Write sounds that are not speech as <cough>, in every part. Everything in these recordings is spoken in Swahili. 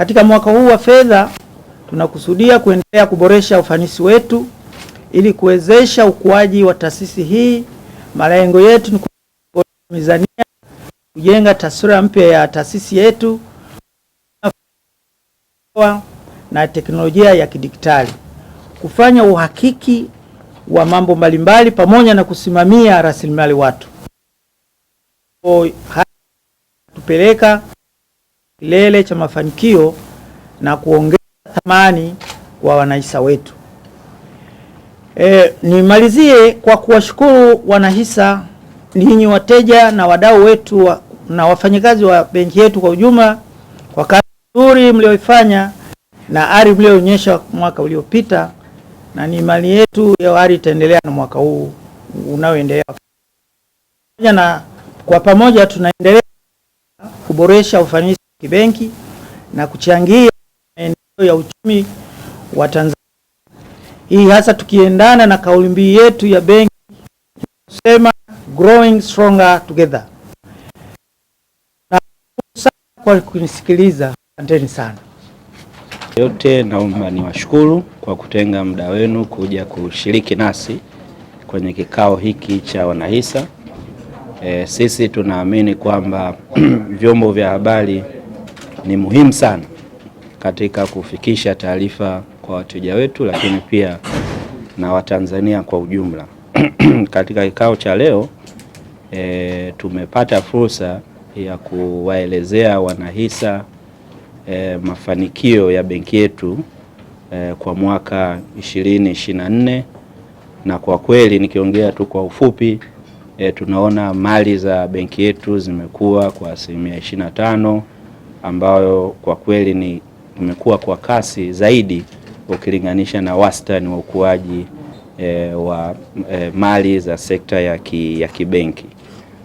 Katika mwaka huu wa fedha tunakusudia kuendelea kuboresha ufanisi wetu ili kuwezesha ukuaji wa taasisi hii. Malengo yetu ni kuboresha mizania, kujenga taswira mpya ya taasisi yetu na teknolojia ya kidijitali, kufanya uhakiki wa mambo mbalimbali pamoja na kusimamia rasilimali watu tupeleka kilele cha mafanikio na kuongeza thamani kwa wanahisa wetu. E, nimalizie kwa kuwashukuru wanahisa ninyi wateja na wadau wetu wa, na wafanyakazi wa benki yetu kwa ujumla kwa kazi nzuri mlioifanya na ari mlioonyesha mwaka uliopita, na ni imani yetu ya ari itaendelea na mwaka huu unaoendelea. Na kwa pamoja tunaendelea kuboresha ufanisi kibenki na kuchangia maendeleo ya uchumi wa Tanzania. Hii hasa tukiendana na kauli mbiu yetu ya benki inayosema growing stronger together. Na kwa kunisikiliza, asanteni sana. Yote naomba niwashukuru kwa kutenga muda wenu kuja kushiriki nasi kwenye kikao hiki cha wanahisa. E, sisi tunaamini kwamba <clears throat> vyombo vya habari ni muhimu sana katika kufikisha taarifa kwa wateja wetu, lakini pia na Watanzania kwa ujumla. <clears throat> Katika kikao cha leo e, tumepata fursa ya kuwaelezea wanahisa e, mafanikio ya benki yetu e, kwa mwaka 2024 na kwa kweli nikiongea tu kwa ufupi e, tunaona mali za benki yetu zimekuwa kwa asilimia 25 ambayo kwa kweli ni imekuwa kwa kasi zaidi ukilinganisha na wastani wa ukuaji e, wa e, mali za sekta ya, ki, ya kibenki.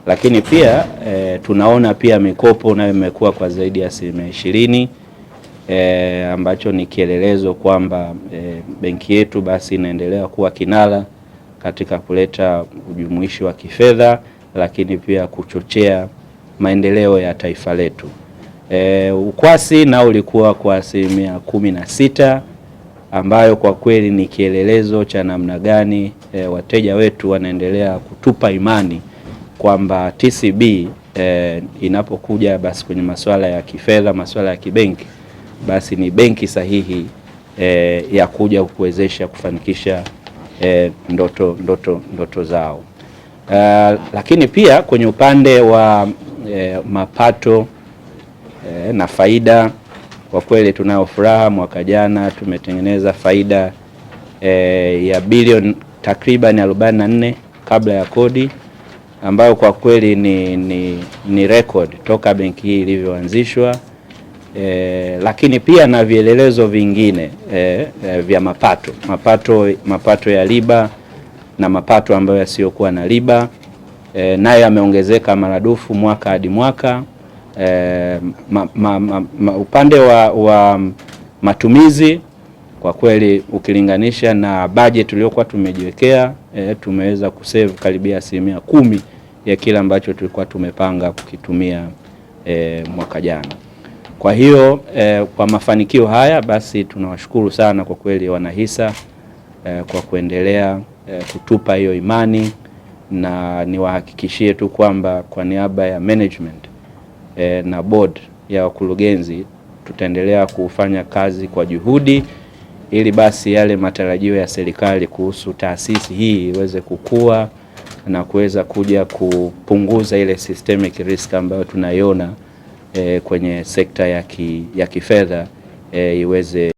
Lakini pia e, tunaona pia mikopo nayo imekuwa kwa zaidi ya asilimia ishirini e, ambacho ni kielelezo kwamba e, benki yetu basi inaendelea kuwa kinara katika kuleta ujumuishi wa kifedha, lakini pia kuchochea maendeleo ya taifa letu. E, ukwasi nao ulikuwa kwa asilimia kumi na sita ambayo kwa kweli ni kielelezo cha namna gani e, wateja wetu wanaendelea kutupa imani kwamba TCB e, inapokuja basi kwenye masuala ya kifedha, masuala ya kibenki, basi ni benki sahihi e, ya kuja kuwezesha kufanikisha e, ndoto, ndoto, ndoto zao. E, lakini pia kwenye upande wa e, mapato e, na faida. Kwa kweli tunayo furaha, mwaka jana tumetengeneza faida e, ya bilioni takriban 44 kabla ya kodi ambayo kwa kweli ni, ni, ni record toka benki hii ilivyoanzishwa e, lakini pia na vielelezo vingine e, e, vya mapato mapato mapato ya riba na mapato ambayo yasiyokuwa na riba e, nayo yameongezeka maradufu mwaka hadi mwaka. Eh, ma, ma, ma, ma, upande wa, wa matumizi kwa kweli ukilinganisha na bajeti tuliyokuwa tumejiwekea e, tumeweza kusave karibia asilimia kumi ya kile ambacho tulikuwa tumepanga kukitumia e, mwaka jana. Kwa hiyo e, kwa mafanikio haya basi tunawashukuru sana kwa kweli wanahisa e, kwa kuendelea e, kutupa hiyo imani na niwahakikishie tu kwamba kwa niaba ya management e, na board ya wakurugenzi tutaendelea kufanya kazi kwa juhudi ili basi yale matarajio ya serikali kuhusu taasisi hii iweze kukua na kuweza kuja kupunguza ile systemic risk ambayo tunaiona e, kwenye sekta ya, ki, ya kifedha e, iweze